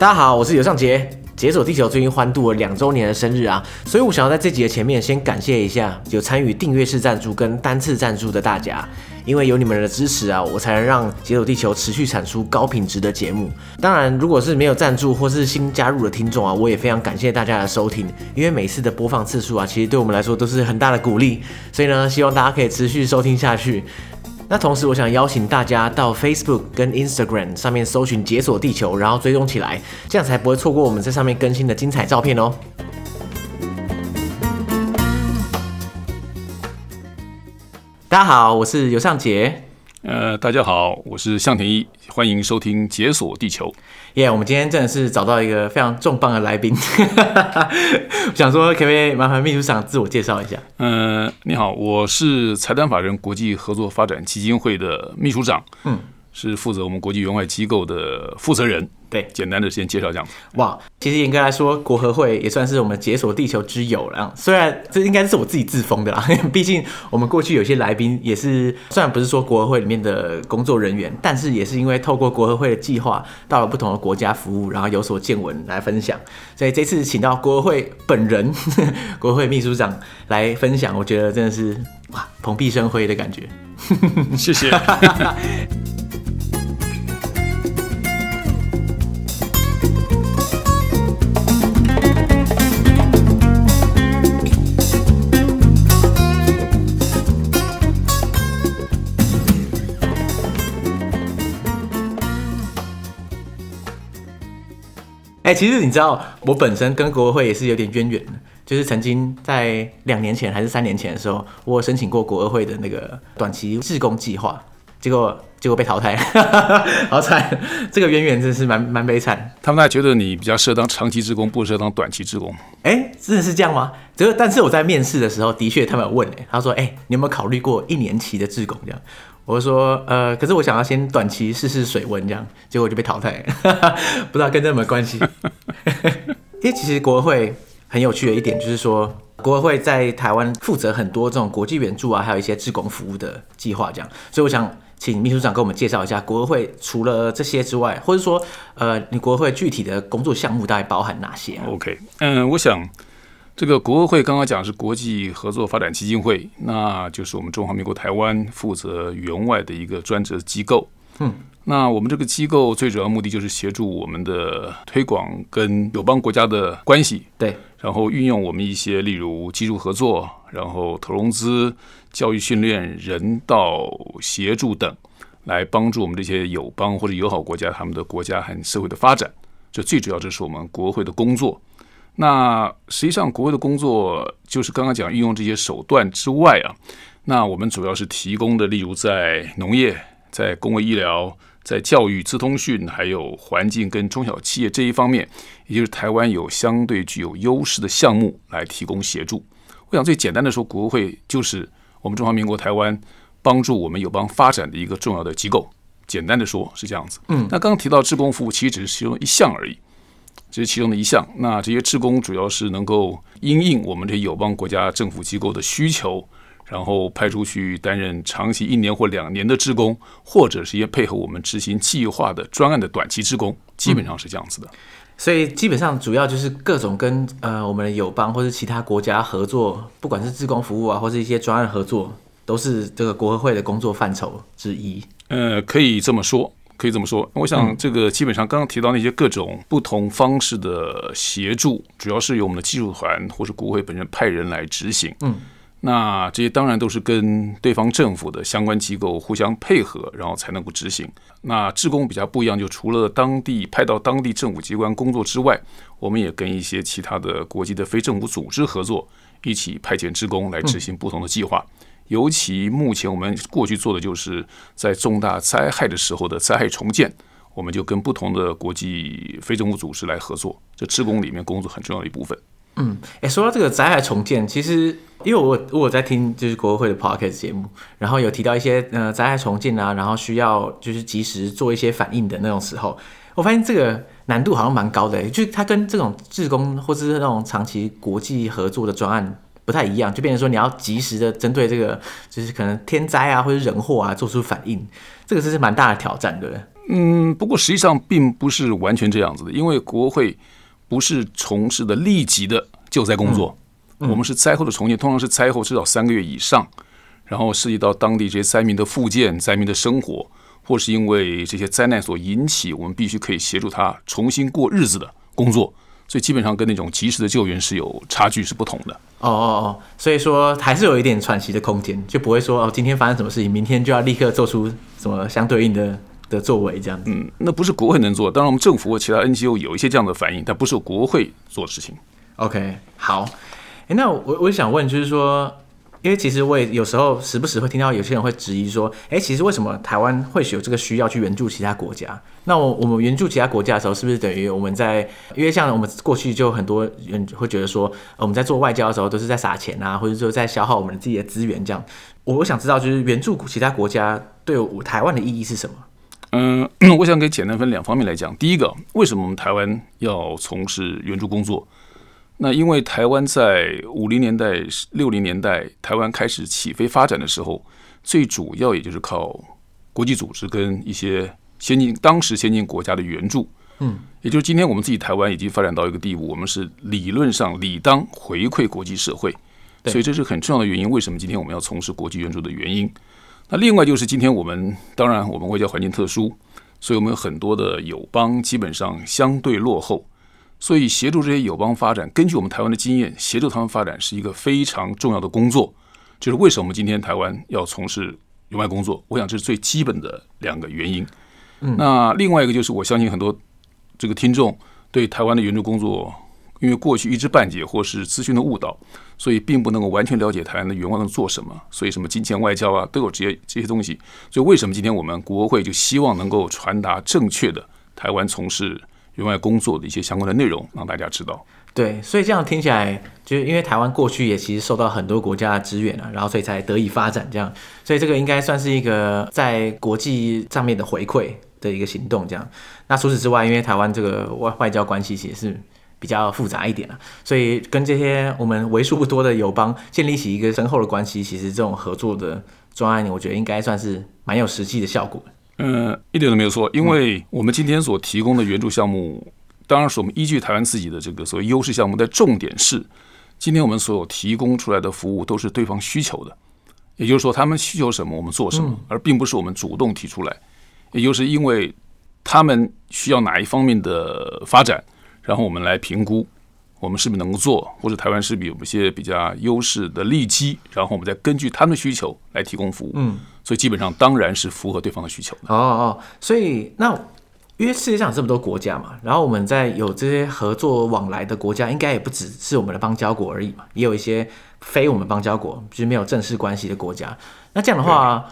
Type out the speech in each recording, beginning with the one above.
大家好，我是游尚傑。解鎖地球最近歡度了兩周年的生日啊，所以我想要在這集的前面先感謝一下有參與訂閱式贊助跟單次贊助的大家，因為有你們的支持啊，我才能讓解鎖地球持續產出高品質的節目。當然，如果是沒有贊助或是新加入的聽眾啊，我也非常感謝大家的收聽，因為每次的播放次數啊，其實對我們來說都是很大的鼓勵。所以呢，希望大家可以持續收聽下去。那同時，我想邀請大家到 Facebook 跟 Instagram 上面搜尋“解鎖地球”，然後追蹤起來，這樣才不會錯過我們在上面更新的精彩照片哦。大家好，我是尤尚傑。呃，大家好，我是項恬毅，歡迎收聽《解鎖地球》。耶，我們今天真的是找到一個非常重磅的來賓， 我想說可不可以麻煩秘書長自我介紹一下？嗯、呃，你好，我是財團法人國際合作發展基金會的秘書長。嗯。是負責我們國際援外機構的負責人，對，簡單地先介紹這樣。哇，其實嚴格來說，國合會也算是我們解鎖地球之友了。雖然這應該是我自己自封的啦，畢竟我們過去有些來賓也是，雖然不是說國合會裡面的工作人員，但是也是因為透過國合會的計劃，到了不同的國家服務，然後有所見聞來分享。所以這次請到國合會本人，國合會秘書長來分享，我覺得真的是哇，蓬蓽生輝的感覺。謝謝。 哎、欸，其實你知道，我本身跟國合會也是有點淵源的，就是曾經在兩年前還是三年前的時候，我申請過國合會的那個短期志工計劃，結果結果被淘汰， 好慘，這個淵源真的是蠻蠻悲慘。他們還覺得你比較適合當長期志工，不適合當短期志工。哎、欸，真的是這樣嗎？這個，但是我在面試的時候，的確他們有問、欸，他說，哎、欸，你有沒有考慮過一年期的志工這樣？我說，呃，可是我想要先短期試試水溫這樣，結果就被淘汰呵呵，不知道跟這有沒有關係？因為， 其實國合會很有趣的一點就是說，國合會在台灣負責很多這種國際援助啊，還有一些志工服務的計劃這樣。所以我想請秘書長給我們介紹一下，國合會除了這些之外，或者說，呃，你國合會具體的工作項目大概包含哪些啊？OK，嗯，我想。這個國合會剛剛講是國際合作發展基金會，那就是我們中華民國台灣負責援外的一個專職機構。嗯，那我們這個機構最主要的目的就是協助我們的推廣跟友邦國家的關係。對，然後運用我們一些例如技術合作，然後投融資、教育訓練、人道協助等，來幫助我們這些友邦或者友好國家他們的國家和社會的發展。這最主要就是我們國合會的工作。那實際上，國合會的工作就是剛剛講運用這些手段之外啊，那我們主要是提供的，例如在農業、在公衛醫療、在教育、資通訊，還有環境跟中小企業這一方面，也就是台灣有相對具有優勢的項目來提供協助。我想最簡單的說，國合會就是我們中華民國台灣幫助我們友邦發展的一個重要的機構。簡單的說，是這樣子。嗯，那剛剛提到志工服務，其實只是其中一項而已。這是其中的一項。那這些志工主要是能夠因應我們這友邦國家政府機構的需求，然後派出去擔任長期一年或兩年的志工，或者是一些配合我們執行計劃的專案的短期志工，基本上是這樣子的。嗯，所以基本上主要就是各種跟呃我們的友邦或者其他國家合作，不管是志工服務啊，或是一些專案合作，都是這個國合會的工作範疇之一。呃，可以這麼說。可以這麼說，我想這個基本上剛剛提到那些各種不同方式的協助，主要是由我們的技術團或者國合會本身派人來執行。那這些當然都是跟對方政府的相關機構互相配合，然後才能夠執行。那志工比較不一樣，就除了當地派到當地政府機關工作之外，我們也跟一些其他的國際的非政府組織合作，一起派遣志工來執行不同的計劃。嗯。尤其目前我們過去做的就是在重大災害的時候的災害重建，我們就跟不同的國際非政府組織來合作，就志工裡面工作很重要的一部分。嗯，哎、欸，說到這個災害重建，其實因為我我有在聽就是國合會的 Podcast 節目，然後有提到一些呃災害重建啊，然後需要就是及時做一些反應的那種時候，我發現這個難度好像蠻高的、欸，就是它跟這種志工或者是，是那種長期國際合作的專案，不太一樣，就變成說你要及時的針對這個，就是可能天災啊，或者人禍啊，做出反應，這個真是蠻大的挑戰，對不對？嗯，不過實際上並不是完全這樣子的，因為國合會不是從事的立即的救災工作，嗯嗯、我們是災後的重建，通常是災後至少三個月以上，然後涉及到當地這些災民的復建、災民的生活，或是因為這些災難所引起，我們必須可以協助他重新過日子的工作。所以基本上跟那種及時的救援是有差距，是不同的。哦哦哦，所以說還是有一點喘息的空間，就不會說哦，今天發生什麼事情，明天就要立刻做出什麼相對應的的作為這樣，嗯，那不是國合會能做，當然我們政府或其他 NGO 有一些這樣的反應，但不是國合會做的事情。OK，好。哎，那我我想問就是說。因為其實我也有時候時不時會聽到有些人會質疑說，誒，其實為什麼台灣會有這個需要去援助其他國家？那我我們援助其他國家的時候，是不是等於我們在，因為像我們過去就很多人會覺得說，呃，我們在做外交的時候都是在撒錢啊，或者說在消耗我們自己的資源這樣？我想知道就是援助其他國家對我，我台灣的意義是什麼？嗯， 我想可以簡單分兩方面來講。第一個，為什麼我們台灣要從事援助工作？那因為台灣在五零年代、六零年代，台灣開始起飛發展的時候，最主要也就是靠國際組織跟一些先進、當時先進國家的援助。嗯，也就是今天我們自己台灣已經發展到一個地步，我們是理論上理當回饋國際社會，所以這是很重要的原因，為什麼今天我們要從事國際援助的原因。那另外就是今天我們，當然我們外交環境特殊，所以我們有很多的友邦基本上相對落後。所以協助這些友邦發展，根據我們台灣的經驗，協助他們發展是一個非常重要的工作。就是為什麼今天台灣要從事援外工作，我想這是最基本的兩個原因。嗯，那另外一個就是我相信很多這個聽眾對台灣的援助工作，因為過去一知半解或是資訊的誤導，所以並不能夠完全了解台灣的援外能做什麼。所以什麼金錢外交啊，都有這些這些東西。所以為什麼今天我們國合會就希望能夠傳達正確的台灣從事。另外，工作的一些相關的內容，讓大家知道。對，所以這樣聽起來，就是因為台灣過去也其實受到很多國家的支援啊，然後所以才得以發展這樣。所以這個應該算是一個在國際上面的回饋的一個行動這樣。那除此之外，因為台灣這個外外交關係其實是比較複雜一點啊，所以跟這些我們為數不多的友邦建立起一個深厚的關係，其實這種合作的專案，我覺得應該算是蠻有實際的效果。嗯、呃，一點都沒有錯。因為我們今天所提供的援助項目，嗯、當然是我們依據台灣自己的這個所謂優勢項目。但重點是，今天我們所有提供出來的服務都是對方需求的，也就是說，他們需求什麼，我們做什麼，嗯、而並不是我們主動提出來。也就是因為他們需要哪一方面的發展，然後我們來評估我們是不是能夠做，或者台灣是不是有一些比較優勢的利基，然後我們再根據他們的需求來提供服務。嗯所以基本上當然是符合對方的需求的。哦哦，哦，所以那因為世界上這麼多國家嘛，然後我們在有這些合作往來的國家，應該也不只是我們的邦交國而已嘛，也有一些非我們邦交國就是沒有正式關係的國家。那這樣的話，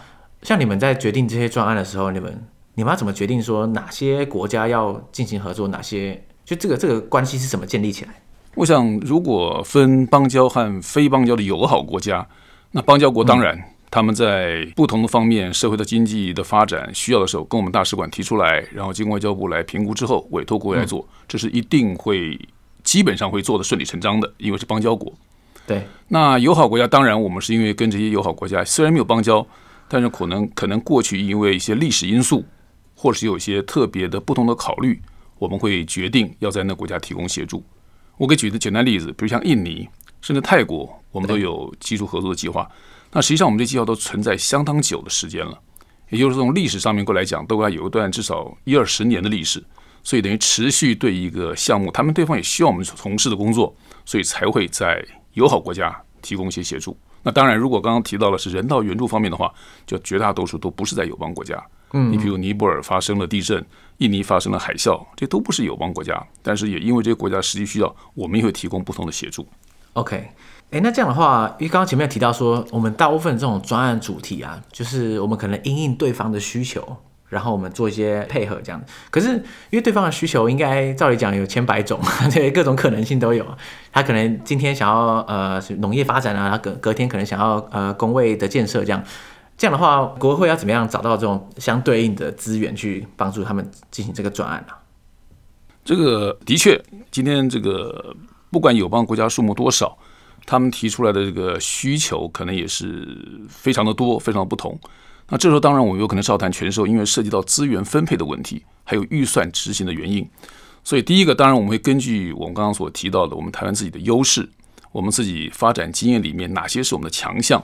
像你們在決定這些專案的時候，你們你們要怎麼決定說哪些國家要進行合作，哪些就這個這個關係是怎麼建立起來？我想，如果分邦交和非邦交的友好國家，那邦交國當然。嗯他們在不同的方面，社會的經濟的發展需要的時候，跟我們大使館提出來，然後經外交部來評估之後，委托國外來做，這是一定會基本上會做得順理成章的，因為是邦交國。對，那友好國家當然，我們是因為跟這些友好國家雖然沒有邦交，但是可能可能過去因為一些歷史因素，或是有一些特別的不同的考慮，我們會決定要在那國家提供協助。我給舉個簡單例子，比如像印尼，甚至泰國，我們都有技術合作的計劃。那實際上，我們這些都存在相當久的時間了，也就是從歷史上面過來講，都概有一段至少一二十年的歷史，所以等於持續對一個項目，他們對方也需要我們從事的工作，所以才會在友好國家提供一些協助。那當然，如果剛剛提到了是人道援助方面的話，就絕大多數都不是在友邦國家。嗯，你比如尼泊爾發生了地震，印尼發生了海嘯，這都不是友邦國家，但是也因為這些國家實際需要，我們也會提供不同的協助。OK。哎，那這樣的話，因為剛剛前面提到說，我們大部分這種專案主題啊，就是我們可能因應對方的需求，然後我們做一些配合這樣。可是因為對方的需求，應該照理講有千百種，對，各種可能性都有。他可能今天想要呃農業發展啊，他隔隔天可能想要呃工位的建設這樣。這樣的話，國合會要怎麼樣找到這種相對應的資源去幫助他們進行這個專案啊？這個的確，今天這個不管友邦國家數目多少。他們提出來的這個需求可能也是非常的多，非常的不同。那這時候當然我們有可能是要談取捨，因為涉及到資源分配的問題，還有預算執行的原因。所以第一個，當然我們會根據我們剛剛所提到的，我們台灣自己的優勢，我們自己發展經驗裡面哪些是我們的強項？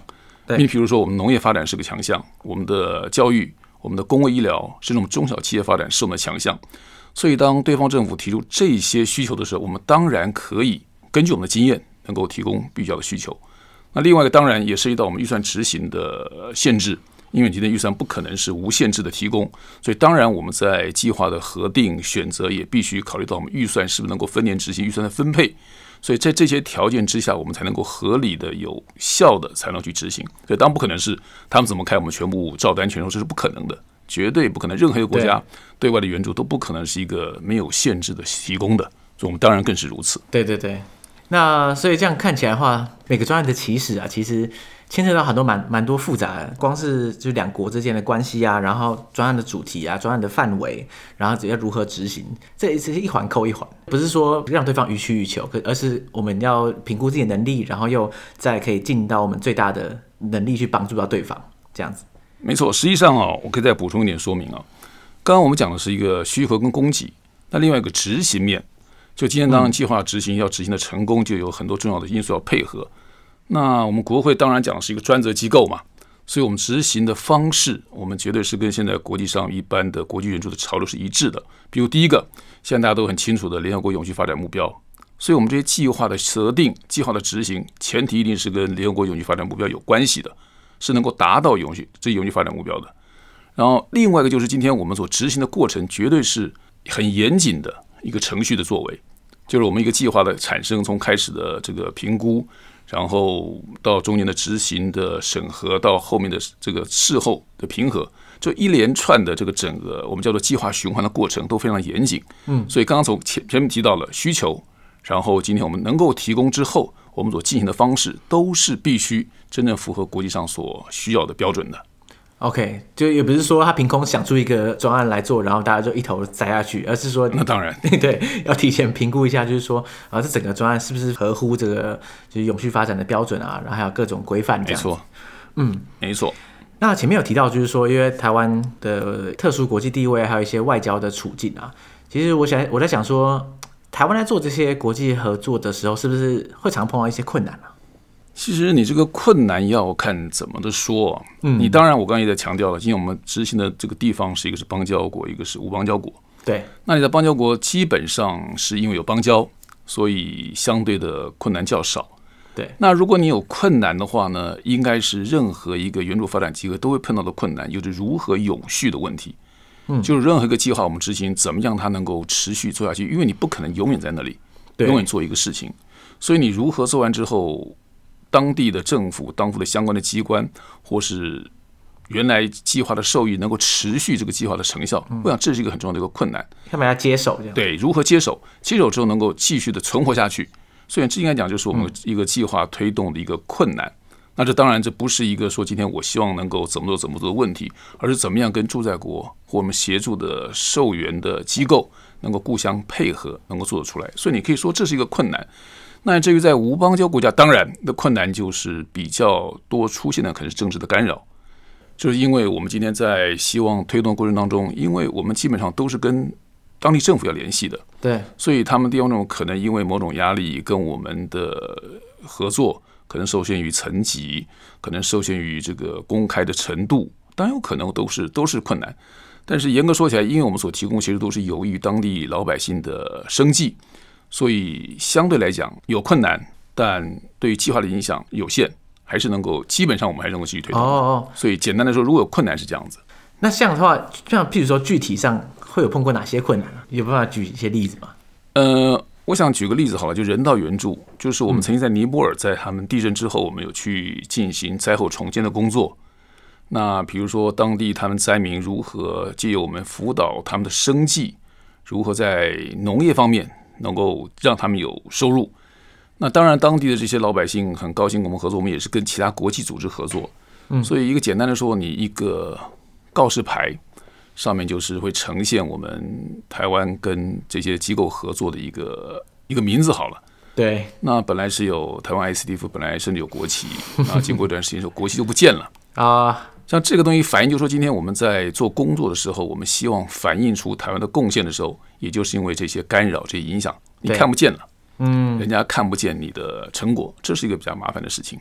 你比如說，我們農業發展是個強項，我們的教育、我們的公衛醫療、甚至我們中小企業發展是我們的強項。所以當對方政府提出這些需求的時候，我們當然可以根據我們的經驗。能夠提供必要的需求，那另外一個當然也涉及到我們預算執行的限制，因為你今天預算不可能是無限制的提供，所以當然我們在計劃的核定選擇也必須考慮到我們預算是不是能夠分年執行預算的分配，所以在這些條件之下，我們才能夠合理的、有效的才能去執行。所以當然不可能是他們怎麼開，我們全部照單全收，這是不可能的，絕對不可能。任何一個國家對外的援助都不可能是一個沒有限制的提供的，所以我們當然更是如此。對對對。那所以這樣看起來的話，每個專案的起始啊，其實牽涉到很多蠻蠻多複雜的，光是就是兩國之間的關係啊，然後專案的主題啊，專案的範圍，然後只要如何執行，這是一環扣一環，不是說讓對方予取予求，可而是我們要評估自己的能力，然後又再可以盡到我們最大的能力去幫助到對方，這樣子。沒錯。實際上啊、哦，我可以再補充一點說明啊、哦，剛剛我們講的是一個需求跟供給，那另外一個執行面。就今天當然計劃執行要執行的成功，就有很多重要的因素要配合。那我們國合會當然講的是一個專責機構嘛，所以我們執行的方式，我們絕對是跟現在國際上一般的國際援助的潮流是一致的。比如第一個，現在大家都很清楚的聯合國永續發展目標，所以我們這些計劃的設定、計劃的執行，前提一定是跟聯合國永續發展目標有關係的，是能夠達到永續這永續發展目標的。然後另外一個就是今天我們所執行的過程，絕對是很嚴謹的。一個程序的作為，就是我們一個計劃的產生，從開始的這個評估，然後到中間的執行的審核，到後面的這個事後的評核，這一連串的這個整個我們叫做計劃循環的過程都非常嚴謹。嗯，所以剛剛從前前面提到了需求，然後今天我們能夠提供之後，我們所進行的方式都是必須真正符合國際上所需要的標準的。OK，就也不是說他憑空想出一個專案來做，然後大家就一頭栽下去，而是說那當然 對，要提前評估一下，就是說啊，這整個專案是不是合乎這個就是永續發展的標準啊，然後還有各種規範這樣子，沒錯錯，嗯，沒錯錯。那前面有提到，就是說因為台灣的特殊國際地位，還有一些外交的處境啊，其實我想我在想說，台灣在做這些國際合作的時候，是不是會常碰到一些困難啊？其實你這個困難要看怎麼的說，你當然我剛才也在強調了，今天我們執行的這個地方，是一個是邦交國，一個是無邦交國。對，那你在邦交國基本上是因為有邦交，所以相對的困難較少。對，那如果你有困難的話呢？應該是任何一個援助發展機會都會碰到的困難，就是如何永續的問題。嗯，就是任何一個計劃我們執行怎麼樣它能夠持續做下去，因為你不可能永遠在那裡，永遠做一個事情，所以你如何做完之後，當地的政府、當地的相關的機關，或是原來計劃的受益，能夠持續這個計劃的成效，我想這是一個很重要的一個困難。要把要接手，對如何接手，接手之後能夠繼續的存活下去，所以這應該講就是我們一個計劃推動的一個困難。那這當然這不是一個說今天我希望能夠怎麼做怎麼做的問題，而是怎麼樣跟駐在國或我們協助的受援的機構能夠互相配合，能夠做得出來。所以你可以說這是一個困難。那至於在無邦交國家，當然的困難就是比較多出現的，可能是政治的干擾，就是因為我們今天在希望推動過程當中，因為我們基本上都是跟當地政府要聯繫的，對，所以他們地方政府可能因為某種壓力跟我們的合作可能受限於層級，可能受限於這個公開的程度，當然有可能都是都是困難。但是嚴格說起來，因為我們所提供其實都是有益於當地老百姓的生計。所以相對來講有困難，但對於計劃的影響有限，還是能夠基本上我們還是能夠繼續推動。哦哦哦，所以簡單來說，如果有困難是這樣子。那這樣的話，像譬如說具體上會有碰過哪些困難呢？有辦法舉一些例子嗎？呃，我想舉個例子好了，就人道援助，就是我們曾經在尼泊爾在他們地震之後，我們有去進行災後重建的工作。嗯、那比如說當地他們災民如何借由我們輔導他們的生計，如何在農業方面。能夠讓他們有收入，那當然當地的這些老百姓很高興跟我們合作，我們也是跟其他國際組織合作，嗯，所以一個簡單的說，你一個告示牌上面就是會呈現我們台灣跟這些機構合作的一個一個名字好了，對，那本來是有台灣 ICDF，本來甚至有國旗啊， 經過一段時間之後，國旗就不見了啊。像這個東西反映，就是說今天我們在做工作的時候，我們希望反映出台灣的貢獻的時候，也就是因為這些干擾、這些影響，你看不見了，嗯，人家看不見你的成果，這是一個比較麻煩的事情。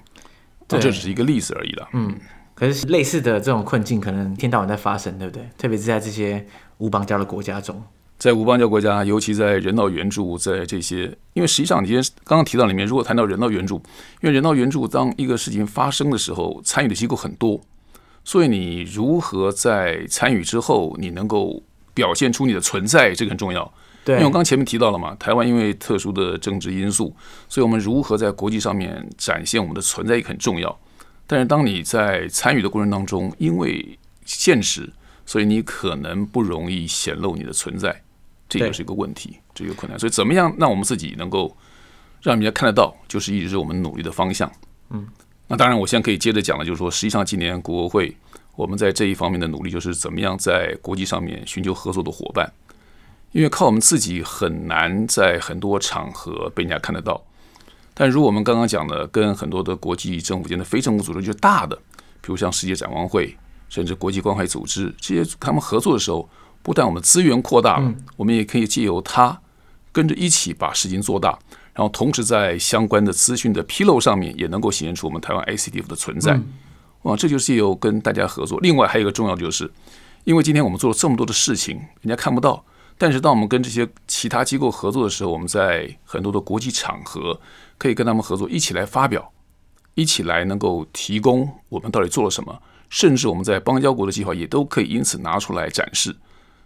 對，這只是一個例子而已啦。嗯，可是類似的這種困境，可能一天到晚在發生，對不對？特別是在這些無邦交的國家中，在無邦交國家，尤其在人道援助，在這些，因為實際上，你剛剛提到裡面，如果談到人道援助，因為人道援助，當一個事情發生的時候，參與的機構很多。所以你如何在參與之後，你能夠表現出你的存在，這個很重要。對，因為我剛前面提到了嘛，台灣因為特殊的政治因素，所以我們如何在國際上面展現我們的存在也很重要。但是當你在參與的過程當中，因為現實，所以你可能不容易顯露你的存在，這就是一個問題，這個困難。所以怎麼樣讓我們自己能夠讓人家看得到，就是一直是我們努力的方向。嗯。那當然，我現在可以接着講的就是說，實際上今年國合會我們在這一方面的努力，就是怎麼樣在國際上面尋求合作的伙伴，因為靠我們自己很難在很多場合被人家看得到。但如果我們剛剛講的，跟很多的國際政府間的非政府組織，就是大的，比如像世界展望會，甚至國際關懷組織，這些他們合作的時候，不但我們資源擴大了，我們也可以借由他跟着一起把事情做大。然後同時在相關的資訊的披露上面也能夠顯現出我們台灣 ICDF 的存在，哇，這就是有跟大家合作。另外還有一個重要就是，因為今天我們做了這麼多的事情，人家看不到。但是當我們跟這些其他機構合作的時候，我們在很多的國際場合可以跟他們合作，一起來發表，一起來能夠提供我們到底做了什麼，甚至我們在邦交國的計劃也都可以因此拿出來展示。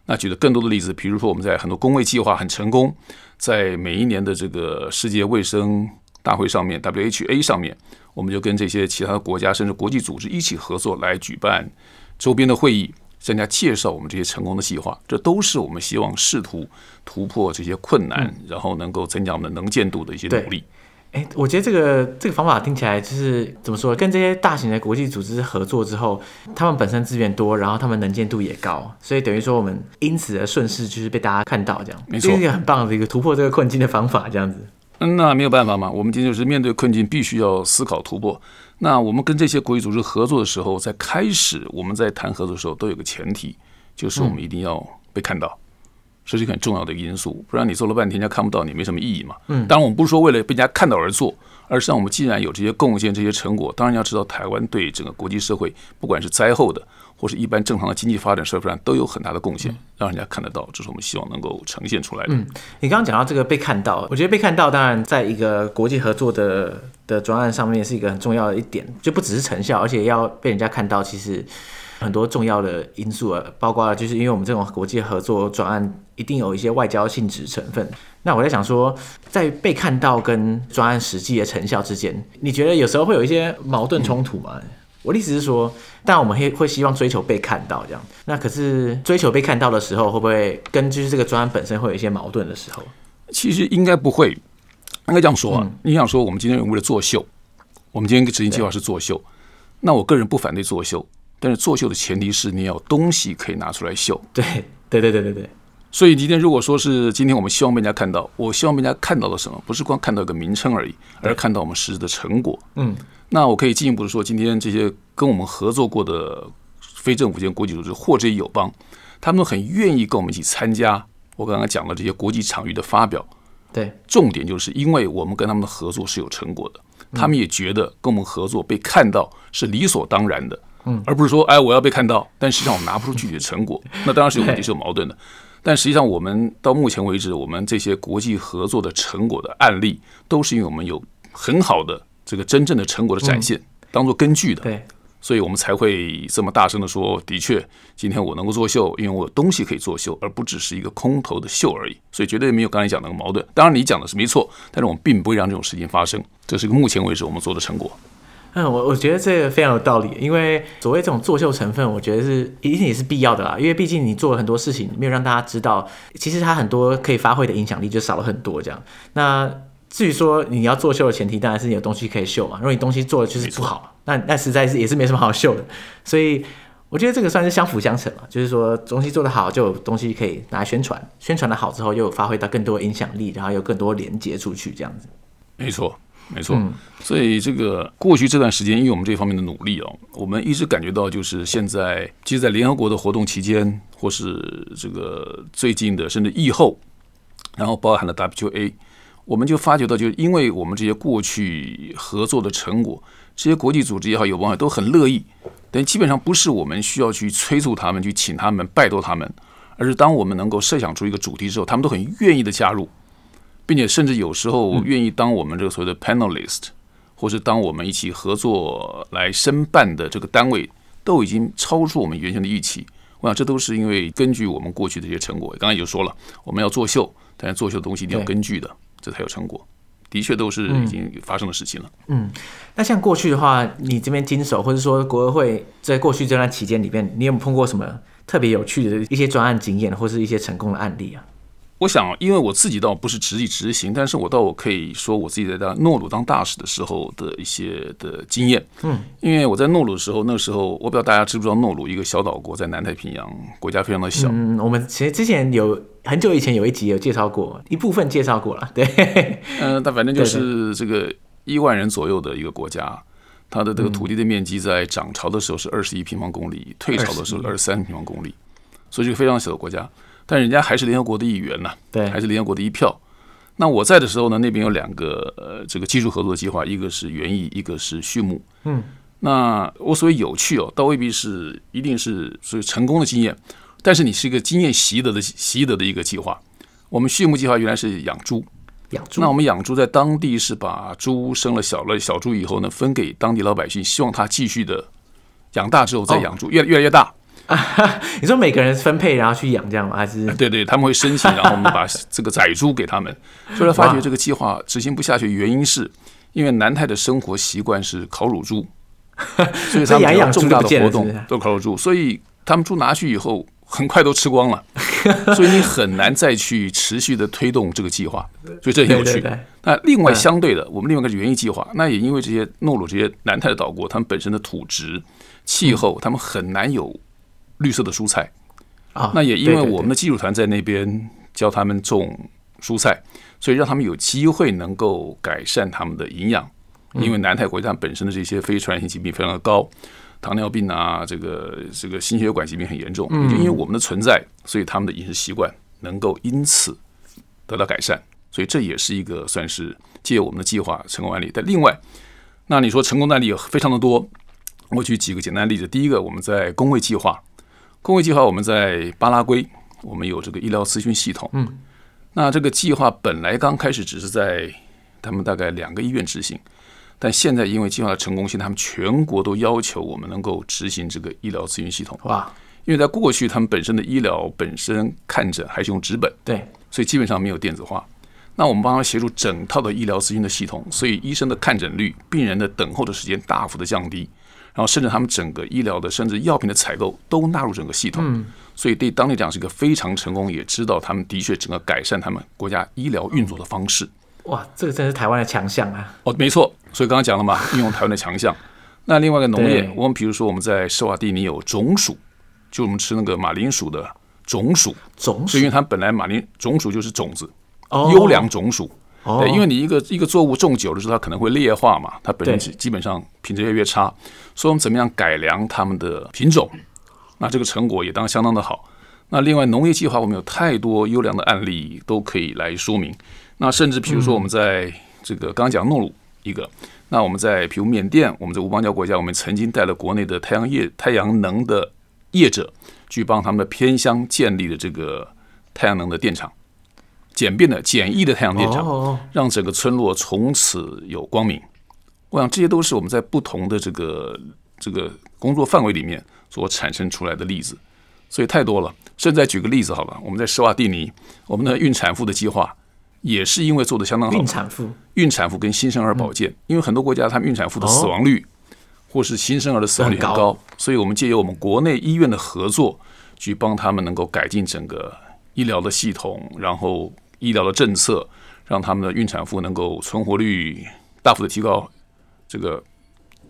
那舉的更多的例子，比如說我們在很多公衛計劃很成功，在每一年的這個世界衛生大會上面 （WHA） 上面，我們就跟這些其他的國家甚至國際組織一起合作來舉辦周邊的會議，向大家介紹我們這些成功的計劃。這都是我們希望試圖突破這些困難，然後能夠增加我們的能見度的一些努力。哎，我覺得這個這個方法聽起來就是怎麼說，跟這些大型的國際組織合作之後，他們本身資源多，然後他們能見度也高，所以等於說我們因此而順勢，就是被大家看到這樣。沒錯，這是一個很棒的一個突破這個困境的方法，這樣子。嗯，那沒有辦法嘛，我們今天就是面對困境，必須要思考突破。那我們跟這些國際組織合作的時候，在開始我們在談合作的時候，都有個前提，就是我們一定要被看到。嗯。這是一個很重要的因素，不然你做了半天，人家看不到你，沒什麼意義嘛。嗯，當然我們不是說為了被人家看到而做，而是讓我們既然有這些貢獻、這些成果，當然要知道台灣對整個國際社會，不管是災後的或是一般正常的經濟發展、社會上都有很大的貢獻，讓人家看得到。這是我們希望能夠呈現出來的。嗯，你剛剛講到這個被看到，我覺得被看到，當然在一個國際合作的的專案上面是一個很重要的一點，就不只是成效，而且要被人家看到，其實。很多重要的因素啊，包括就是因為我們這種國際合作專案，一定有一些外交性質成分。那我在想說，在被看到跟專案實際的成效之間，你覺得有時候會有一些矛盾衝突嗎？嗯、我的意思是說，但我們會會希望追求被看到這樣。那可是追求被看到的時候，會不會跟就是這個專案本身會有一些矛盾的時候？其實應該不會，應該這樣說啊。嗯、你想說，我們今天為了作秀，我們今天的執行計劃是作秀，對那我個人不反對作秀。但是作秀的前提是你要東西可以拿出來秀。對，對，對，對，對，對。所以今天如果說是今天我們希望被人家看到，我希望被人家看到的什麼？不是光看到一個名稱而已，而是看到我們實質的成果。嗯，那我可以進一步的說，今天這些跟我們合作過的非政府間國際組織或者友邦，他們很願意跟我們一起參加我剛剛講的這些國際場域的發表。對，重點就是因為我們跟他們的合作是有成果的，他們也覺得跟我們合作被看到是理所當然的。而不是說，哎，我要被看到，但實際上我們拿不出具體的成果，那當然是有問題，是有矛盾的。但實際上，我們到目前為止，我們這些國際合作的成果的案例，都是因為我們有很好的這個真正的成果的展現，當做根據的，所以我們才會這麼大聲的說，的確，今天我能夠作秀，因為我有東西可以作秀，而不只是一個空頭的秀而已。所以絕對沒有剛才講那個矛盾。當然，你講的是沒錯，但是我們並不會讓這種事情發生。這是個目前為止我們做的成果。嗯，我我覺得這個非常有道理，因為所謂這種作秀成分，我覺得是一定也是必要的啦。因為畢竟你做了很多事情，沒有讓大家知道，其實他很多可以發揮的影響力就少了很多這樣。那至於說你要作秀的前提，當然是你有東西可以秀嘛，如果你東西做的就是不好，沒錯。那那實在是也是沒什麼好秀的。所以我覺得這個算是相輔相成嘛，就是說東西做得好，就有東西可以拿來宣傳；宣傳的好之後，又發揮到更多影響力，然後又有更多連接出去這樣子。沒錯。沒錯，嗯、所以這個過去這段時間，因為我們這方面的努力哦、啊，我們一直感覺到，就是現在，其實，在聯合國的活動期間，或是這個最近的，甚至以後，然後包含了 WHA，我們就發覺到，就是因為我們這些過去合作的成果，這些國際組織也好，有網友都很樂意，等於，基本上不是我們需要去催促他們，去請他們，拜托他們，而是當我們能夠設想出一個主題之後，他們都很願意的加入。並且甚至有時候願意當我們這個所謂的 panelist，、嗯、或是當我們一起合作來申辦的這個單位，都已經超出我們原先的預期。我想這都是因為根據我們過去的一些成果，剛才已經說了，我們要作秀，但是作秀的東西一定要根據的，對這才有成果。的確都是已經發生的事情了，了嗯。嗯，那像過去的話，你這邊經手或者說國合會在過去這段期間裡面，你有沒有碰過什麼特別有趣的一些專案經驗，或是一些成功的案例啊？我想，因為我自己倒不是直接執行，但是我倒我可以說我自己在諾魯當大使的時候的一些的經驗。嗯，因為我在諾魯的時候，那個時候我不知道大家知不知道諾魯一個小島國，在南太平洋，國家非常的小。嗯，我們其實之前有很久以前有一集有介紹過一部分介紹過了，對。嗯，但反正就是這個一萬人左右的一個國家，它的這個土地的面積在漲潮的時候是二十一平方公里，退潮的時候二十三平方公里，所以是個非常小的國家。但人家還是聯合國的一員呢，對，還是聯合國的一票。那我在的時候呢，那邊有兩個呃，這個技術合作計劃，一個是園藝，一個是畜牧。嗯，那我所謂有趣哦，倒未必是一定是屬於成功的經驗，但是你是一個經驗習得的習得的一個計劃。我們畜牧計劃原來是養豬，養豬。那我們養豬在當地是把豬生了小了小豬以後呢，分給當地老百姓，希望他繼續的養大之後再養豬，越、哦、越來越大。啊、你說每個人分配然後去養這樣嗎？還是？對對，他們會申請，然後我們把這個仔豬給他們。後來發覺這個計劃執行不下去，原因是因為南太的生活習慣是烤乳豬，所以他們養，有重大的活動都烤乳豬，所以他們豬拿去以後很快都吃光了，所以你很難再去持續的推動這個計劃。所以這很有趣。那另外相對的，我們另外一個園藝計劃，那也因為這些諾魯這些南太的島國，他們本身的土質、氣候，他們很難有綠色的蔬菜，啊，那也因為我們的技術團在那邊教他們種蔬菜，所以讓他們有機會能夠改善他們的營養。因為南太國家本身的這些非傳染性疾病非常的高，糖尿病啊，這個這個心血管疾病很嚴重。也就因為我們的存在，所以他們的飲食習慣能夠因此得到改善。所以這也是一個算是借我們的計劃成功案例。但另外，那你說成功案例有非常的多。我舉幾個簡單的例子：第一個，我們在工位計劃，工會計劃，我們在巴拉圭，我們有這個醫療諮詢系統。嗯，那這個計劃本來剛開始只是在他們大概兩個醫院執行，但現在因為計劃的成功性，他們全國都要求我們能夠執行這個醫療諮詢系統。哇，因為在過去他們本身的醫療本身看診還是用紙本，對，所以基本上沒有電子化。那我們幫他協助整套的醫療諮詢的系統，所以醫生的看診率、病人的等候的時間大幅的降低。然後甚至他們整個醫療的，甚至藥品的採購都納入整個系統，嗯、所以對當地講是一個非常成功，也知道他們的確整個改善他們國家醫療運作的方式。哇，這個真是台灣的強項啊！哦，沒錯，所以剛剛講了嘛，運 用台灣的強項。那另外一個農業，對我們比如說我們在史瓦帝尼有種薯，就我們吃那個馬鈴薯的種薯，種薯屬因為它本來馬鈴種薯就是種子，哦、優良種薯。對，因為你一個一個作物種久了之後，它可能會劣化嘛，它本身基本上品質越越差，對所以我們怎麼樣改良它們的品種？那這個成果也當相當的好。那另外農業計劃，我們有太多優良的案例都可以來說明。那甚至比如說，我們在這個剛剛講諾魯一個，嗯、那我們在比如緬甸，我們在無邦交國家，我們曾經帶了國內的太陽業太陽能的業者，去幫他們的偏鄉建立了這個太陽能的電廠。簡便的、簡易的太陽電廠，讓整個村落從此有光明。我想這些都是我們在不同的這個這個工作範圍裡面所產生出來的例子，所以太多了。現在舉個例子好了，我們在施瓦蒂尼，我們的孕產婦的計劃也是因為做得相當好。孕產婦、孕產婦跟新生兒保健，因為很多國家他們孕產婦的死亡率或是新生兒的死亡率很高，所以我們借由我們國內醫院的合作，去幫他們能夠改進整個醫療的系統，然後。醫療的政策讓他們的孕產婦能夠存活率大幅的提高，這個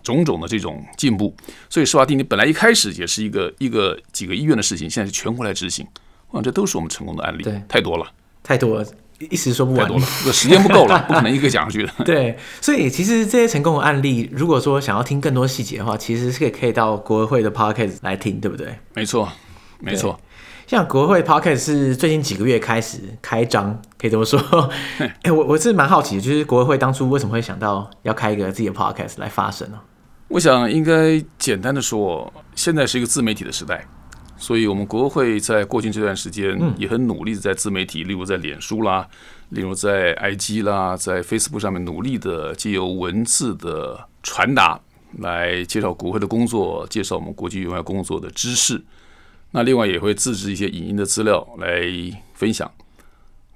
種種的這種進步，所以史瓦帝尼本來一開始也是一個一個幾個醫院的事情，現在是全國來執行。我這都是我們成功的案例，對太多了，太多了一，一時說不完，太多了，時間不夠了，不可能一個講下去的。 對，所以其實這些成功的案例，如果說想要聽更多細節的話，其實是可以到國合會的 Podcast 來聽，對不對？沒錯，沒錯。像國合會 podcast 是最近幾個月開始開張，可以這麼說。我、 欸、我是蠻好奇就是國合會當初為什麼會想到要開一個自己的 podcast 來發聲呢、啊？我想應該簡單的說，現在是一個自媒體的時代，所以我們國合會在過去這段時間也很努力在自媒體，嗯、例如在臉書啦，例如在 IG 啦，在 Facebook 上面努力的借由文字的傳達來介紹國合會的工作，介紹我們國際外交工作的知識。那另外也會自制一些影音的資料來分享。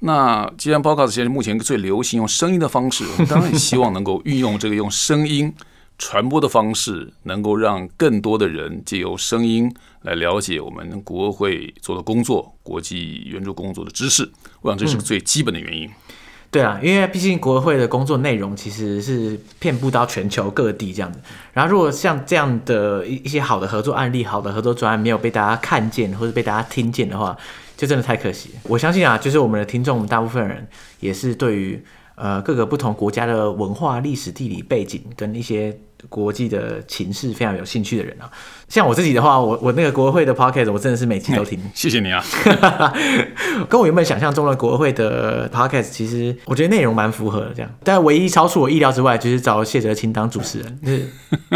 那既然 Podcast 現在目前最流行用聲音的方式，我們當然也希望能夠運用這個用聲音傳播的方式，能夠讓更多的人借由聲音來了解我們國合會做的工作、國際援助工作的知識。我想這是個最基本的原因。嗯對啊，因為畢竟國合會的工作內容其實是遍佈到全球各地這樣子。然後如果像這樣的一一些好的合作案例、好的合作專案沒有被大家看見或者被大家聽見的話，就真的太可惜。我相信啊，就是我們的聽眾，我們大部分人也是對於呃各個不同國家的文化、歷史、地理背景跟一些國際的情勢非常有興趣的人啊。像我自己的話，我我那個國合會的 podcast，我真的是每期都聽。謝謝你啊。 跟我原本想象中的國合會的 podcast，其實我覺得內容蠻符合的，這樣。但唯一超出我意料之外，就是找謝哲青當主持人，是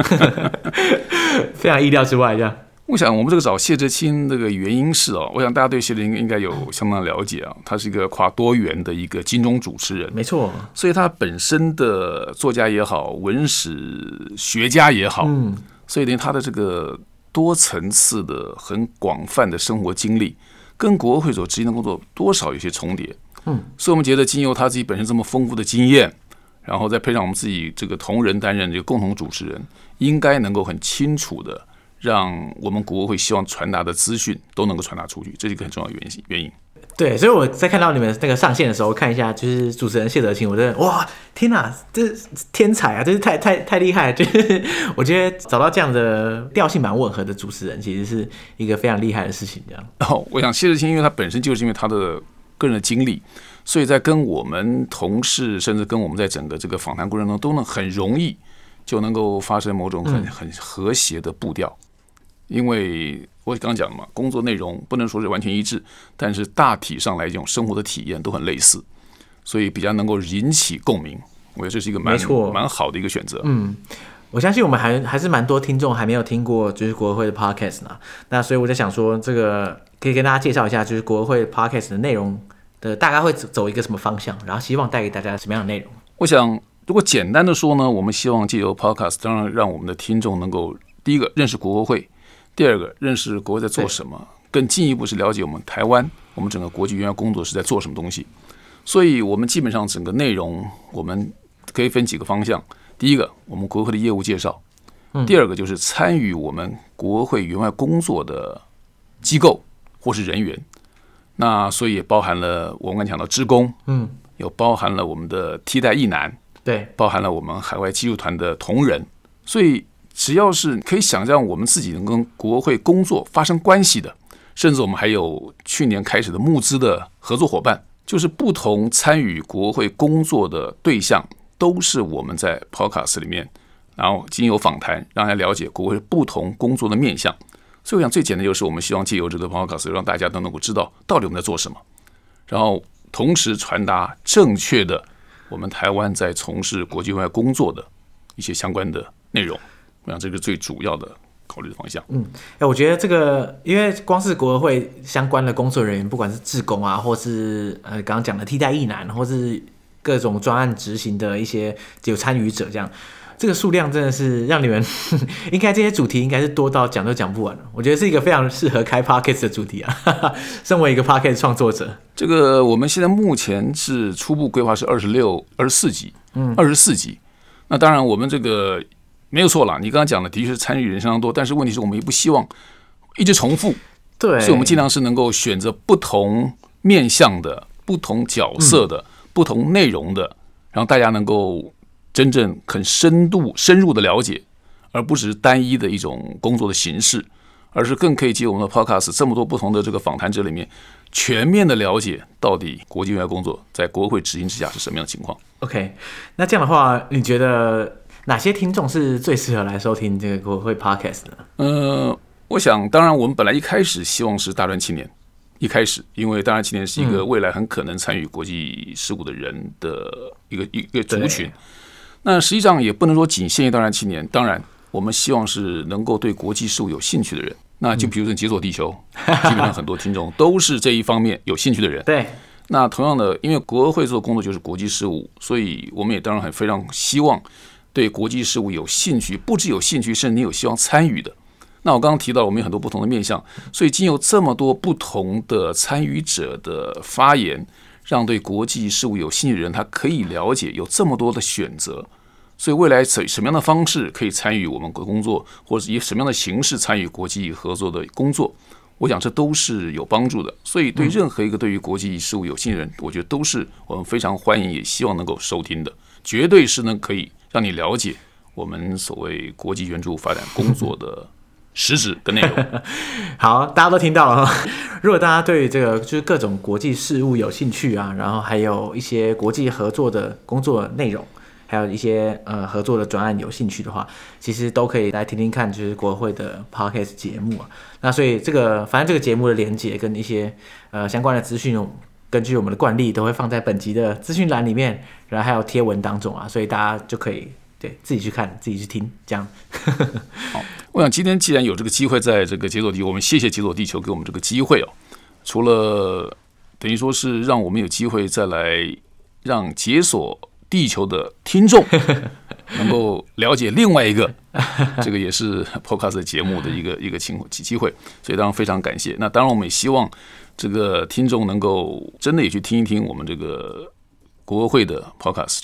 非常意料之外，這樣。我想我們這個找謝哲青那個原因是哦、喔，我想大家對謝哲青應該有相當的了解啊、喔，他是一個跨多元的一個金鐘主持人，沒錯錯、嗯。所以他本身的作家也好，文史學家也好，嗯、所以連他的這個多層次的、很廣泛的生活經歷。跟國合會所執行的工作多少有些重疊，嗯，所以我們覺得，經由他自己本身這麼豐富的經驗，然後再配上我們自己這個同仁擔任這個共同主持人，應該能夠很清楚的，讓我們國合會希望傳達的資訊都能夠傳達出去，這是一個很重要原因原因。對，所以我在看到你們那個上線的時候，看一下，就是主持人謝德清，我覺得哇，天吶，這天才啊，真是太太太厲害了，就是我覺得找到這樣的調性蠻吻合的主持人，其實是一個非常厲害的事情，這樣。哦，我想謝德清，因為他本身就是因為他的個人的經歷，所以在跟我們同事，甚至跟我們在整個這個訪談過程中，都能很容易就能夠發生某種很、嗯、很和諧的步調，因為。我剛講了嘛，工作內容不能說是完全一致，但是大體上來講，生活的體驗都很類似，所以比較能夠引起共鳴。我覺得這是一個蠻，沒錯，蠻好的一個選擇。嗯，我相信我們還還是蠻多聽眾還沒有聽過，就是國合會的 podcast 呢。那所以我在想說，這個可以跟大家介紹一下，就是國合會 podcast 的內容的大概會走走一個什麼方向，然後希望帶給大家什麼樣的內容？我想，如果簡單的說呢，我們希望借由 podcast，當然讓我們的聽眾能夠第一個認識國合會。第二個，認識國合會在做什麼，對更進一步是了解我們台灣，我們整個國際援外工作是在做什麼東西。所以，我們基本上整個內容，我們可以分幾個方向。第一個，我們國合會的業務介紹；第二個，就是參與我們國合會援外工作的機構或是人員。嗯、那所以也包含了我們剛講的志工，嗯，又包含了我們的替代役男，對，包含了我們海外技術團的同仁，所以。只要是可以想象，我們自己能跟國合會工作發生關係的，甚至我們還有去年開始的募資的合作夥伴，就是不同參與國合會工作的對象，都是我們在 Podcast 裡面，然後經由訪談讓他了解國合會不同工作的面向。所以我想最簡單就是我們希望借由這個 Podcast，讓大家都能夠知道到底我們在做什麼，然後同時傳達正確的我們台灣在從事國際外交工作的一些相關的內容。那這個最主要的考慮的方向。嗯，哎、欸，我覺得這個，因為光是國合會相關的工作人員，不管是志工啊，或是呃，剛剛講的替代役男，或是各種專案執行的一些有參與者，這樣，這個數量真的是讓你們呵呵，應該這些主題應該是多到講都講不完了。我覺得是一個非常適合開 Podcast 的主題啊。呵呵，身為一個 Podcast 創作者，這個我們現在目前是初步規劃是二十六、二十四集，嗯，二十四集。那當然，我們這個。沒有錯了，你剛剛講的的確是參與人相當多，但是問題是我們也不希望一直重複，對，所以我們儘量是能夠選擇不同面向的、不同角色的、嗯、不同內容的，讓大家能夠真正很深度、深入的了解，而不只是單一的一種工作的形式，而是更可以借我們的 podcast 這麼多不同的這個訪談者裡面，全面的了解到底國際外交工作在國合會執行之下是什麼樣的情況。OK，那這樣的話，你覺得？哪些聽眾是最適合來收聽這個國合會 podcast 的？呃，我想，當然，我們本來一開始希望是大專青年，一開始，因為大專青年是一個未來很可能參與國際事務的人的一個、嗯、一個族群。對那實際上也不能說僅限於大專青年。當然，我們希望是能夠對國際事務有興趣的人。嗯、那就比如說《解鎖地球》， 基本上很多聽眾都是這一方面有興趣的人。對。那同樣的，因為國合會做的工作就是國際事務，所以我們也當然很非常希望。對國際事務有興趣，不只有興趣，是你有希望參與的。那我剛剛提到我們有很多不同的面向，所以經由這麼多不同的參與者的發言，讓對國際事務有興趣的人他可以了解有這麼多的選擇。所以未來什什麼樣的方式可以參與我們的工作，或者以什麼樣的形式參與國際合作的工作，我想這都是有幫助的。所以對任何一個對於國際事務有興趣的人，我覺得都是我們非常歡迎，也希望能夠收聽的，絕對是呢可以。讓你了解我們所謂國際援助發展工作的實質的內容。 好，大家都聽到了哈。如果大家對這個就是各種國際事務有興趣啊，然後還有一些國際合作的工作的內容，還有一些呃合作的專案有興趣的話，其實都可以來聽聽看，就是國合會的 podcast 節目啊。那所以這個反正這個節目的連結跟一些呃相關的資訊。根據我們的慣例，都會放在本集的資訊欄裡面，然後還有貼文當中啊，所以大家就可以對自己去看、自己去聽，這樣。 好，我想今天既然有這個機會，在這個解鎖地球，我們謝謝解鎖地球給我們這個機會哦。除了等於說是讓我們有機會再來讓解鎖地球的聽眾能夠了解另外一個， 這個也是 Podcast 節目的一個 一個情況機會，所以當然非常感謝。那當然我們也希望。這個聽眾能夠真的也去聽一聽我們這個國合會的 podcast，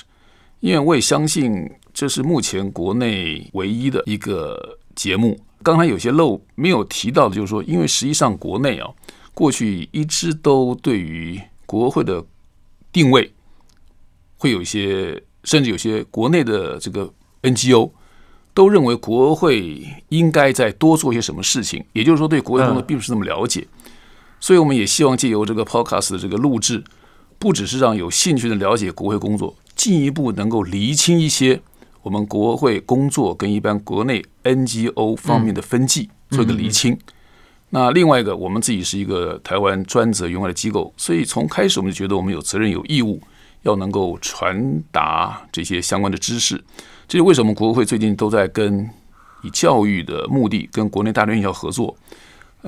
因為我也相信這是目前國內唯一的一個節目。剛才有些漏沒有提到的，就是說，因為實際上國內啊，過去一直都對於國合會的定位會有一些，甚至有些國內的這個 NGO 都認為國合會應該再多做些什麼事情，也就是說，對國合會工作並不是那麼了解。嗯所以，我們也希望借由這個 podcast 的這個錄製，不只是讓有興趣的了解國合會工作，進一步能夠釐清一些我們國合會工作跟一般國內 NGO 方面的分際，做一個釐清。那另外一個，我們自己是一個台灣專責援外的機構，所以從開始我們就覺得我們有責任、有義務要能夠傳達這些相關的知識。這是為什麼國合會最近都在跟以教育的目的跟國內大專院校合作。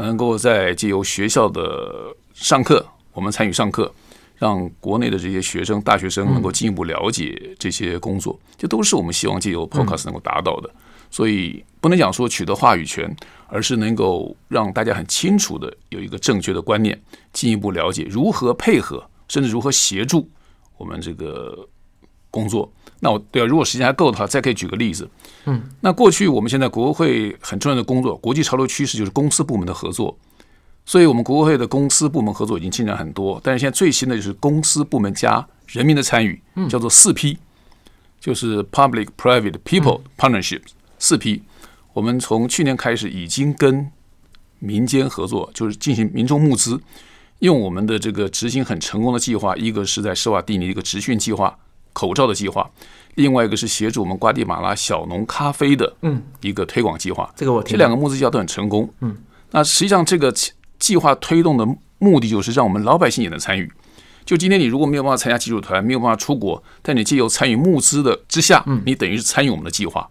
能夠在借由學校的上課，我們參與上課，讓國內的這些學生大學生能夠進一步了解這些工作，這都是我們希望借由 Podcast 能夠達到的。所以不能講說取得話語權，而是能夠讓大家很清楚的有一個正確的觀念，進一步了解如何配合，甚至如何協助我們這個工作。那我對啊，如果時間還夠的話，再可以舉個例子。嗯，那過去我們現在國合會很重要的工作，國際潮流趨勢就是公私部門的合作，所以我們國合會的公私部門合作已經進展很多。但是現在最新的就是公私部門加人民的參與，叫做四 P，、嗯、就是 public private people partnerships 四、嗯、P。我們從去年開始已經跟民間合作，就是進行民眾募資，用我們的這個執行很成功的計劃，一個是在史瓦帝尼一個職訓計劃。口罩的計劃，另外一個是協助我們瓜地馬拉小農咖啡的一個推廣計劃、嗯。這個我聽，這兩個募資計劃都很成功嗯。嗯，那實際上這個計劃推動的目的就是讓我們老百姓也能參與。就今天你如果沒有辦法參加技術團，沒有辦法出國，但你借由參與募資的之下，嗯、你等於是參與我們的計劃。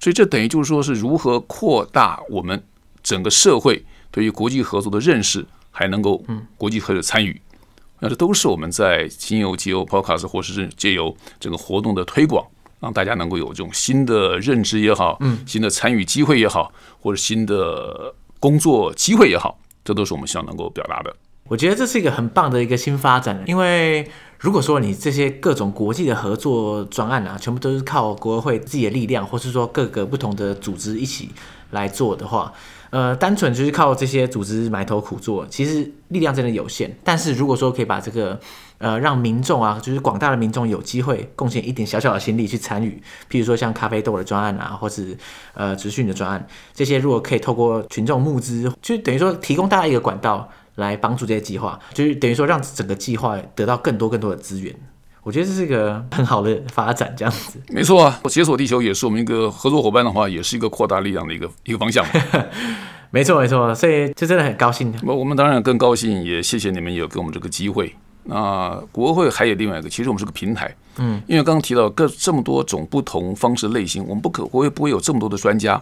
所以這等於就是說是如何擴大我們整個社會對於國際合作的認識，還能夠國際合作參與、嗯。嗯那這都是我們在新友、舊友、Podcast，或是借由這個活動的推廣，讓大家能夠有這種新的認知也好，嗯，新的參與機會也好，或者新的工作機會也好，這都是我們希望能夠表達的。我覺得這是一個很棒的一個新發展，因為如果說你這些各種國際的合作專案啊，全部都是靠國合會自己的力量，或是說各個不同的組織一起來做的話。呃，單純就是靠這些組織埋頭苦做，其實力量真的有限。但是如果說可以把這個，呃，讓民眾啊，就是廣大的民眾有機會貢獻一點小小的心力去參與，譬如說像咖啡豆的專案啊，或是呃直訊的專案，這些如果可以透過群眾募資，就等於說提供大家一個管道來幫助這些計劃，就是等於說讓整個計劃得到更多更多的資源。我覺得這是一個很好的發展，這樣子沒錯啊。解鎖地球也是我們一個合作夥伴的話，也是一個擴大力量的一個一個方向。 沒錯，沒錯，所以這真的很高興的。我我們當然更高興，也謝謝你們有給我們這個機會。那國合會還有另外一個，其實我們是個平台，嗯，因為剛剛提到各這麼多種不同方式類型，我們不可國合會不會有這麼多的專家，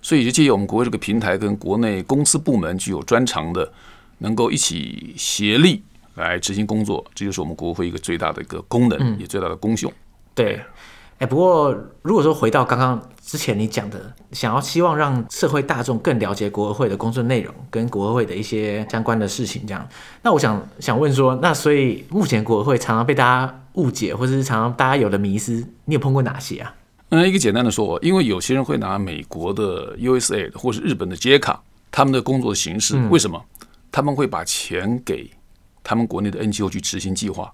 所以就借由我們國合會這個平台，跟國內公私部門具有專長的，能夠一起協力，來執行工作，這就是我們國合會一個最大的一個功能，嗯、也最大的功效。對，哎、欸，不過如果說回到剛剛之前你講的，想要希望讓社會大眾更了解國合會的工作內容跟國合會的一些相關的事情，這樣，那我想想問說，那所以目前國合會常常被大家誤解，或者是常常大家有的迷思，你有碰過哪些啊？嗯，一個簡單的說，因為有些人會拿美國的 USA 或者日本的 JICA 他們的工作的形式，嗯、為什麼他們會把錢給？他們國內的 NGO 去執行計劃，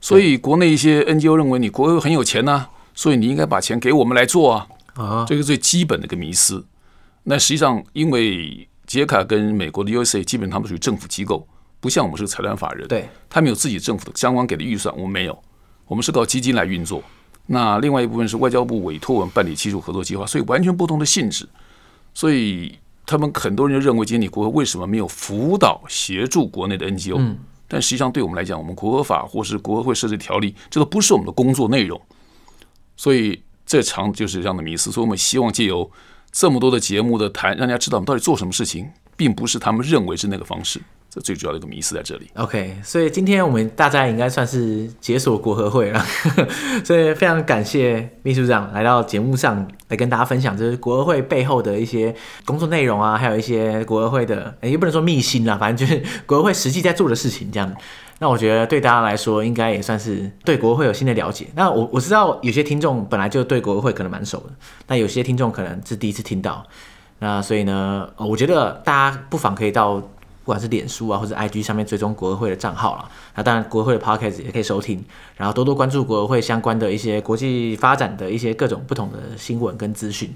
所以國內一些 NGO 認為你國會很有錢呢、啊，所以你應該把錢給我們來做啊啊！這是個最基本的一個迷思。那實際上，因為杰卡跟美國的 USA 基本上他們屬於政府機構，不像我們是個財團法人，對，他們有自己政府的相關給的預算，我們沒有，我們是靠基金來運作。那另外一部分是外交部委托我們辦理技術合作計劃，所以完全不同的性質。所以他們很多人就認為，今天你國會為什麼沒有輔導協助國內的 NGO？、嗯但實際上，對我們來講，我們國合法或是國合會設置條例，這都不是我們的工作內容。所以，這常就是這樣的迷思。所以我們希望借由這麼多的節目的談，讓大家知道我們到底做什麼事情，並不是他們認為是那個方式。最主要的一個迷思在這裡。OK，所以今天我們大家應該算是解鎖國合會了， 所以非常感謝秘書長來到節目上來跟大家分享，就是國合會背後的一些工作內容啊，還有一些國合會的，也、欸、不能說秘辛啊，反正就是國合會實際在做的事情這樣。那我覺得對大家來說，應該也算是對國合會有新的了解。那我我知道有些聽眾本來就對國合會可能蠻熟的，那有些聽眾可能是第一次聽到，那所以呢，我覺得大家不妨可以到。不管是臉書啊，或者 IG 上面追蹤國合會的賬號了，那當然國合會的 Podcast 也可以收聽，然後多多關注國合會相關的一些國際發展的一些各種不同的新聞跟資訊，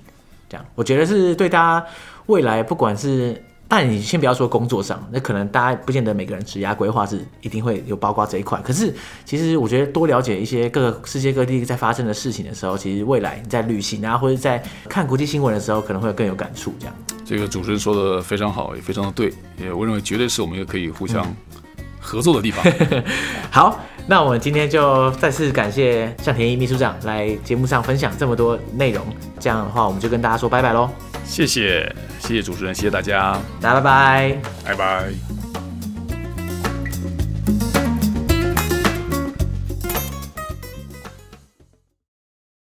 這樣我覺得是對大家未來不管是。但你先不要說工作上，那可能大家不見得每個人職業規劃是一定會有包括這一塊。可是，其實我覺得多了解一些各個世界各地在發生的事情的時候，其實未來你在旅行啊，或者在看國際新聞的時候，可能會更有感觸。這樣，這個主持人說得非常好，也非常的對，也我認為絕對是我們一個可以互相合作的地方。嗯、 好，那我們今天就再次感謝項恬毅秘書長來節目上分享這麼多內容。這樣的話，我們就跟大家說拜拜嘍。謝謝，謝謝主持人，謝謝大家，大家拜拜，拜拜。拜拜。